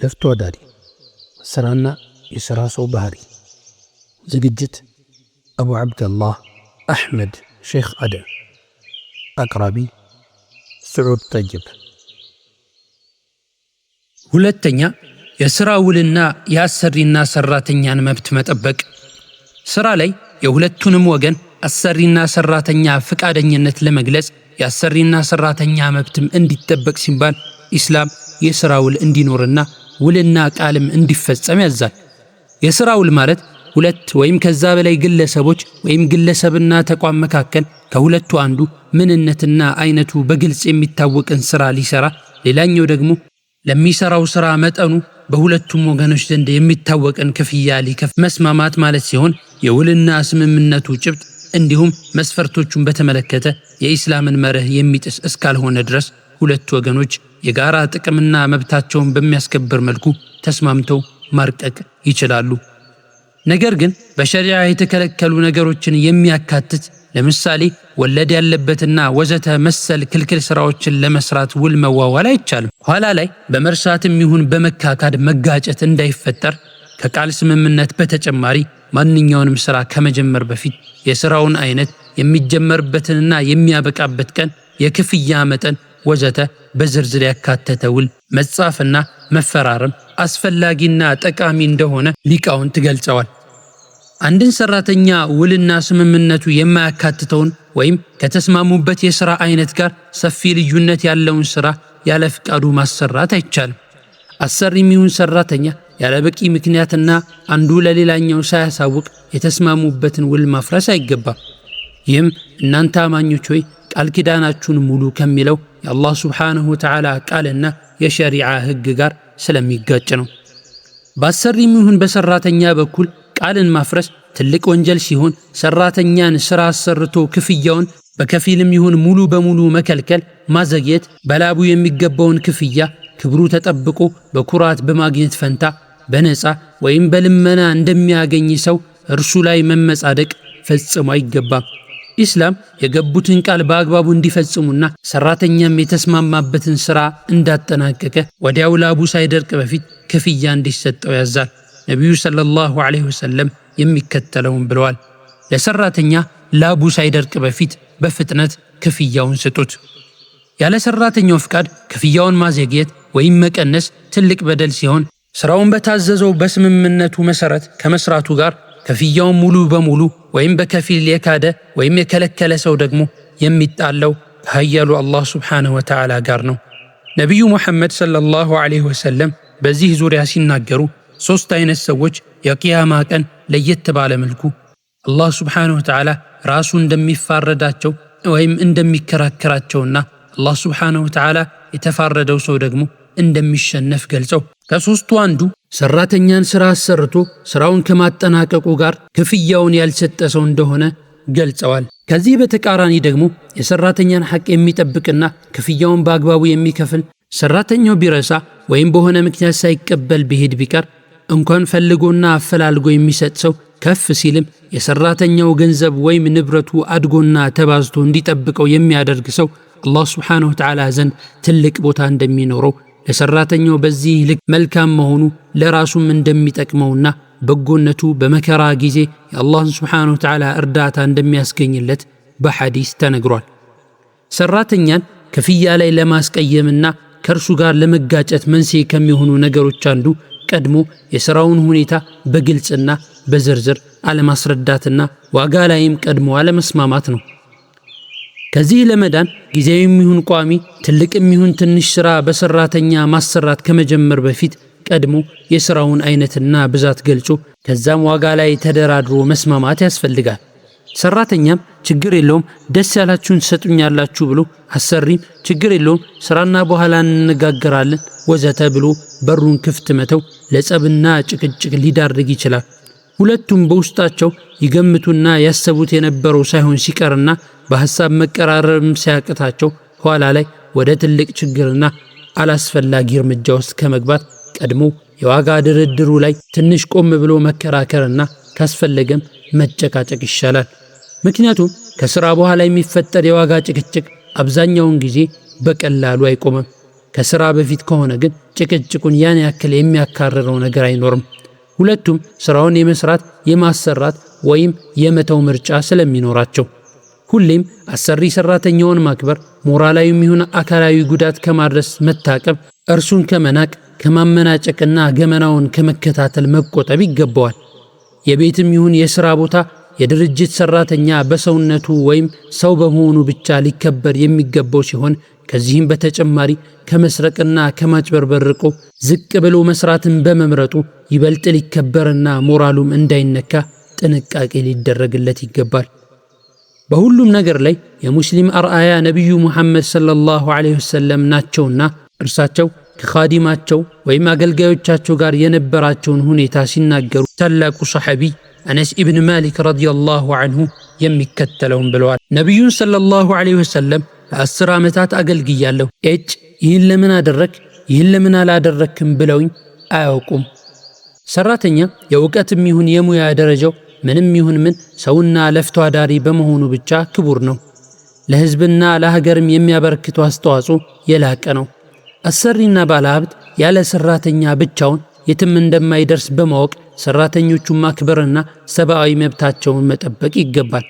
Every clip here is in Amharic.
ለፍቶ አዳሪ ስራና የሥራ ሰው ባህሪ ዝግጅት አቡ ዓብደላህ አሕመድ ሼክ አደ አቅራቢ ስዑድ ጠይብ ሁለተኛ የሥራ ውልና የአሰሪና ሠራተኛን መብት መጠበቅ ሥራ ላይ የሁለቱንም ወገን አሰሪና ሠራተኛ ፈቃደኝነት ለመግለጽ የአሰሪና ሠራተኛ መብትም እንዲጠበቅ ሲባል ኢስላም የሥራ ውል እንዲኖርና ውልና ቃልም እንዲፈጸም ያዛል። የሥራ ውል ማለት ሁለት ወይም ከዛ በላይ ግለሰቦች ወይም ግለሰብና ተቋም መካከል ከሁለቱ አንዱ ምንነትና አይነቱ በግልጽ የሚታወቅን ሥራ ሊሰራ፣ ሌላኛው ደግሞ ለሚሰራው ሥራ መጠኑ በሁለቱም ወገኖች ዘንድ የሚታወቅን ክፍያ ሊከፍ መስማማት ማለት ሲሆን የውልና ስምምነቱ ጭብጥ እንዲሁም መስፈርቶቹን በተመለከተ የኢስላምን መርህ የሚጥስ እስካልሆነ ድረስ ሁለቱ ወገኖች የጋራ ጥቅምና መብታቸውን በሚያስከብር መልኩ ተስማምተው ማርቀቅ ይችላሉ። ነገር ግን በሸሪዓ የተከለከሉ ነገሮችን የሚያካትት ለምሳሌ ወለድ ያለበትና ወዘተ መሰል ክልክል ስራዎችን ለመስራት ውል መዋዋል አይቻልም። ኋላ ላይ በመርሳትም ይሁን በመካካድ መጋጨት እንዳይፈጠር ከቃል ስምምነት በተጨማሪ ማንኛውንም ስራ ከመጀመር በፊት የስራውን አይነት፣ የሚጀመርበትንና የሚያበቃበት ቀን፣ የክፍያ መጠን ወዘተ በዝርዝር ያካተተ ውል መጻፍና መፈራረም አስፈላጊና ጠቃሚ እንደሆነ ሊቃውንት ገልጸዋል። አንድን ሰራተኛ ውልና ስምምነቱ የማያካትተውን ወይም ከተስማሙበት የሥራ አይነት ጋር ሰፊ ልዩነት ያለውን ሥራ ያለ ፍቃዱ ማሰራት አይቻልም። አሰሪ የሚሆን ሰራተኛ ያለ በቂ ምክንያትና አንዱ ለሌላኛው ሳያሳውቅ የተስማሙበትን ውል ማፍረስ አይገባም። ይህም እናንተ አማኞች ሆይ ቃል ኪዳናችሁን ሙሉ ከሚለው የአላህ ስብሓንሁ ወተዓላ ቃልና የሸሪዓ ህግ ጋር ስለሚጋጭ ነው። በአሰሪም ይሁን በሰራተኛ በኩል ቃልን ማፍረስ ትልቅ ወንጀል ሲሆን ሰራተኛን ስራ አሰርቶ ክፍያውን በከፊልም ይሁን ሙሉ በሙሉ መከልከል፣ ማዘግየት በላቡ የሚገባውን ክፍያ ክብሩ ተጠብቆ በኩራት በማግኘት ፈንታ በነፃ ወይም በልመና እንደሚያገኝ ሰው እርሱ ላይ መመጻደቅ ፈጽሞ አይገባም። ኢስላም የገቡትን ቃል በአግባቡ እንዲፈጽሙና ሰራተኛም የተስማማበትን ስራ እንዳጠናቀቀ ወዲያው ላቡ ሳይደርቅ በፊት ክፍያ እንዲሰጠው ያዛል። ነቢዩ ሰለላሁ ዐለይሂ ወሰለም የሚከተለውን ብለዋል። ለሰራተኛ ላቡ ሳይደርቅ በፊት በፍጥነት ክፍያውን ስጡት። ያለ ሰራተኛው ፍቃድ ክፍያውን ማዘግየት ወይም መቀነስ ትልቅ በደል ሲሆን ስራውን በታዘዘው በስምምነቱ መሰረት ከመስራቱ ጋር ክፍያውን ሙሉ በሙሉ ወይም በከፊል የካደ ወይም የከለከለ ሰው ደግሞ የሚጣለው ከኃያሉ አላህ ሱብሓነሁ ወተዓላ ጋር ነው። ነቢዩ ሙሐመድ ሰለላሁ ዐለይሂ ወሰለም በዚህ ዙሪያ ሲናገሩ ሦስት አይነት ሰዎች የቅያማ ቀን ለየት ባለ መልኩ አላህ ሱብሓነሁ ወተዓላ ራሱ እንደሚፋረዳቸው ወይም እንደሚከራከራቸውና አላህ ሱብሓነሁ ወተዓላ የተፋረደው ሰው ደግሞ እንደሚሸነፍ ገልጸው ከሦስቱ አንዱ ሰራተኛን ሥራ አሰርቶ ሥራውን ከማጠናቀቁ ጋር ክፍያውን ያልሰጠ ሰው እንደሆነ ገልጸዋል። ከዚህ በተቃራኒ ደግሞ የሰራተኛን ሐቅ የሚጠብቅና ክፍያውን በአግባቡ የሚከፍል ሰራተኛው ቢረሳ ወይም በሆነ ምክንያት ሳይቀበል ቢሄድ ቢቀር እንኳን ፈልጎና አፈላልጎ የሚሰጥ ሰው ከፍ ሲልም የሰራተኛው ገንዘብ ወይም ንብረቱ አድጎና ተባዝቶ እንዲጠብቀው የሚያደርግ ሰው አላህ ስብሓንሁ ተዓላ ዘንድ ትልቅ ቦታ እንደሚኖረው ለሰራተኛው በዚህ ልክ መልካም መሆኑ ለራሱም እንደሚጠቅመውና በጎነቱ በመከራ ጊዜ የአላህን ስብሓነሁ ወተዓላ እርዳታ እንደሚያስገኝለት በሐዲስ ተነግሯል። ሰራተኛን ክፍያ ላይ ለማስቀየምና ከእርሱ ጋር ለመጋጨት መንስኤ ከሚሆኑ ነገሮች አንዱ ቀድሞ የሥራውን ሁኔታ በግልጽና በዝርዝር አለማስረዳትና ዋጋ ላይም ቀድሞ አለመስማማት ነው። ከዚህ ለመዳን ጊዜያዊ የሚሁን ቋሚ ትልቅ የሚሆን ትንሽ ሥራ በሠራተኛ ማሰራት ከመጀመር በፊት ቀድሞ የሥራውን አይነትና ብዛት ገልጾ ከዛም ዋጋ ላይ ተደራድሮ መስማማት ያስፈልጋል። ሰራተኛም ችግር የለውም ደስ ያላችሁን ትሰጡኛላችሁ ብሎ፣ አሰሪም ችግር የለውም ሥራና በኋላ እንነጋገራለን ወዘተ ብሎ በሩን ክፍት መተው ለጸብና ጭቅጭቅ ሊዳርግ ይችላል። ሁለቱም በውስጣቸው ይገምቱና ያሰቡት የነበረው ሳይሆን ሲቀርና በሐሳብ መቀራረብም ሲያቅታቸው ኋላ ላይ ወደ ትልቅ ችግርና አላስፈላጊ እርምጃ ውስጥ ከመግባት ቀድሞ የዋጋ ድርድሩ ላይ ትንሽ ቆም ብሎ መከራከርና ካስፈለገም መጨቃጨቅ ይሻላል። ምክንያቱም ከሥራ በኋላ የሚፈጠር የዋጋ ጭቅጭቅ አብዛኛውን ጊዜ በቀላሉ አይቆምም። ከሥራ በፊት ከሆነ ግን ጭቅጭቁን ያን ያክል የሚያካርረው ነገር አይኖርም። ሁለቱም ስራውን የመስራት የማሰራት ወይም የመተው ምርጫ ስለሚኖራቸው ሁሌም አሰሪ ሰራተኛውን ማክበር፣ ሞራላዊ የሚሆን አካላዊ ጉዳት ከማድረስ መታቀብ፣ እርሱን ከመናቅ ከማመናጨቅና ገመናውን ከመከታተል መቆጠብ ይገባዋል። የቤትም ይሁን የሥራ ቦታ የድርጅት ሰራተኛ በሰውነቱ ወይም ሰው በመሆኑ ብቻ ሊከበር የሚገባው ሲሆን ከዚህም በተጨማሪ ከመስረቅና ከማጭበርበር ርቆ ዝቅ ብሎ መስራትን በመምረጡ ይበልጥ ሊከበርና ሞራሉም እንዳይነካ ጥንቃቄ ሊደረግለት ይገባል። በሁሉም ነገር ላይ የሙስሊም አርአያ ነቢዩ ሙሐመድ ሰለላሁ ዐለይሂ ወሰለም ናቸውና እርሳቸው ከኻዲማቸው ወይም አገልጋዮቻቸው ጋር የነበራቸውን ሁኔታ ሲናገሩ ታላቁ ሰሐቢ አነስ ኢብን ማሊክ ረዲየላሁ ዐንሁ የሚከተለውን ብለዋል። ነቢዩን ሰለላሁ ዐለይሂ ወሰለም ለአስር ዓመታት አገልግያለሁ። ኤጭ ይህን ለምን አደረክ፣ ይህን ለምን አላደረክም ብለውኝ አያውቁም። ሰራተኛ የእውቀትም ይሁን የሙያ ደረጃው ምንም ይሁን ምን ሰውና ለፍቶ አዳሪ በመሆኑ ብቻ ክቡር ነው። ለህዝብና ለሀገርም የሚያበረክቱ አስተዋጽኦ የላቀ ነው። አሰሪና ባለሀብት ያለ ሰራተኛ ብቻውን የትም እንደማይደርስ በማወቅ ሰራተኞቹን ማክበርና ሰብአዊ መብታቸውን መጠበቅ ይገባል።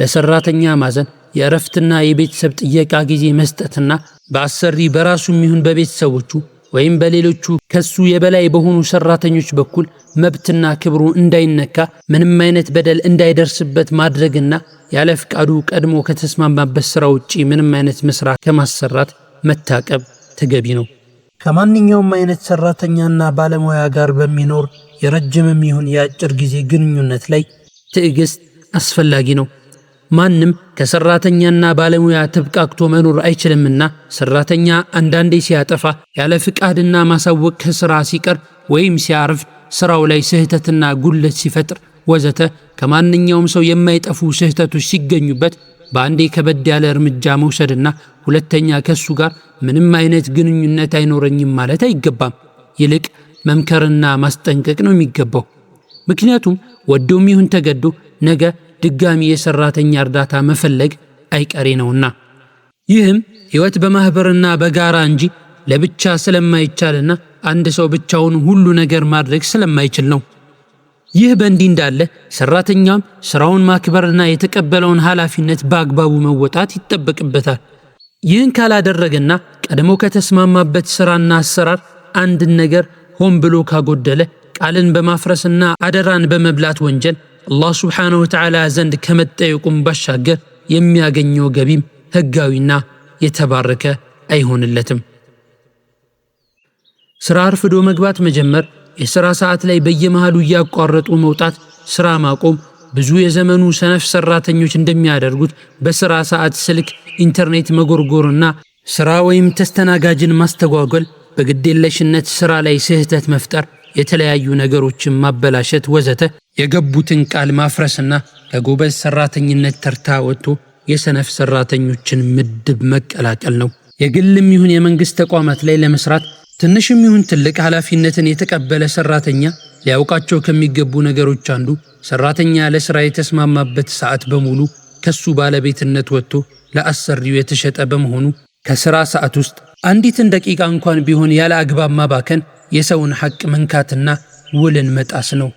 ለሰራተኛ ማዘን፣ የእረፍትና የቤተሰብ ጥየቃ ጊዜ መስጠትና በአሰሪ በራሱም ይሁን በቤተሰቦቹ ወይም በሌሎቹ ከሱ የበላይ በሆኑ ሰራተኞች በኩል መብትና ክብሩ እንዳይነካ ምንም አይነት በደል እንዳይደርስበት ማድረግና ያለ ፍቃዱ ቀድሞ ከተስማማበት ስራ ውጪ ምንም አይነት መስራ ከማሰራት መታቀብ ተገቢ ነው። ከማንኛውም አይነት ሰራተኛና ባለሙያ ጋር በሚኖር የረጅምም ይሁን የአጭር ጊዜ ግንኙነት ላይ ትዕግስት አስፈላጊ ነው። ማንም ከሰራተኛና ባለሙያ ተብቃቅቶ መኖር አይችልምና ሰራተኛ አንዳንዴ ሲያጠፋ ያለ ፍቃድና ማሳወቅ ከስራ ሲቀር ወይም ሲያርፍ ስራው ላይ ስህተትና ጉለት ሲፈጥር ወዘተ ከማንኛውም ሰው የማይጠፉ ስህተቶች ሲገኙበት በአንዴ ከበድ ያለ እርምጃ መውሰድና ሁለተኛ ከሱ ጋር ምንም አይነት ግንኙነት አይኖረኝም ማለት አይገባም። ይልቅ መምከርና ማስጠንቀቅ ነው የሚገባው። ምክንያቱም ወዶም ይሁን ተገዶ ነገ ድጋሚ የሰራተኛ እርዳታ መፈለግ አይቀሬ ነውና ይህም ሕይወት በማኅበርና በጋራ እንጂ ለብቻ ስለማይቻልና አንድ ሰው ብቻውን ሁሉ ነገር ማድረግ ስለማይችል ነው። ይህ በእንዲህ እንዳለ ሰራተኛም ስራውን ማክበርና የተቀበለውን ኃላፊነት በአግባቡ መወጣት ይጠበቅበታል። ይህን ካላደረገና ቀድሞ ከተስማማበት ስራና አሰራር አንድን ነገር ሆን ብሎ ካጎደለ ቃልን በማፍረስና አደራን በመብላት ወንጀል አላህ ስብሓንሁ ወተዓላ ዘንድ ከመጠየቁም ባሻገር የሚያገኘው ገቢም ህጋዊና የተባረከ አይሆንለትም። ስራ አርፍዶ መግባት መጀመር፣ የሥራ ሰዓት ላይ በየመሃሉ እያቋረጡ መውጣት፣ ሥራ ማቆም ብዙ የዘመኑ ሰነፍ ሠራተኞች እንደሚያደርጉት በሥራ ሰዓት ስልክ፣ ኢንተርኔት መጎርጎርና ሥራ ወይም ተስተናጋጅን ማስተጓጎል፣ በግዴለሽነት ሥራ ላይ ስህተት መፍጠር የተለያዩ ነገሮችን ማበላሸት ወዘተ የገቡትን ቃል ማፍረስና ከጎበዝ ሰራተኝነት ተርታ ወጥቶ የሰነፍ ሰራተኞችን ምድብ መቀላቀል ነው። የግልም ይሁን የመንግስት ተቋማት ላይ ለመስራት ትንሽም ይሁን ትልቅ ኃላፊነትን የተቀበለ ሰራተኛ ሊያውቃቸው ከሚገቡ ነገሮች አንዱ ሰራተኛ ለስራ የተስማማበት ሰዓት በሙሉ ከሱ ባለቤትነት ወጥቶ ለአሰሪው የተሸጠ በመሆኑ ከስራ ሰዓት ውስጥ አንዲትን ደቂቃ እንኳን ቢሆን ያለ አግባብ ማባከን የሰውን ሐቅ መንካትና ውልን መጣስ ነው።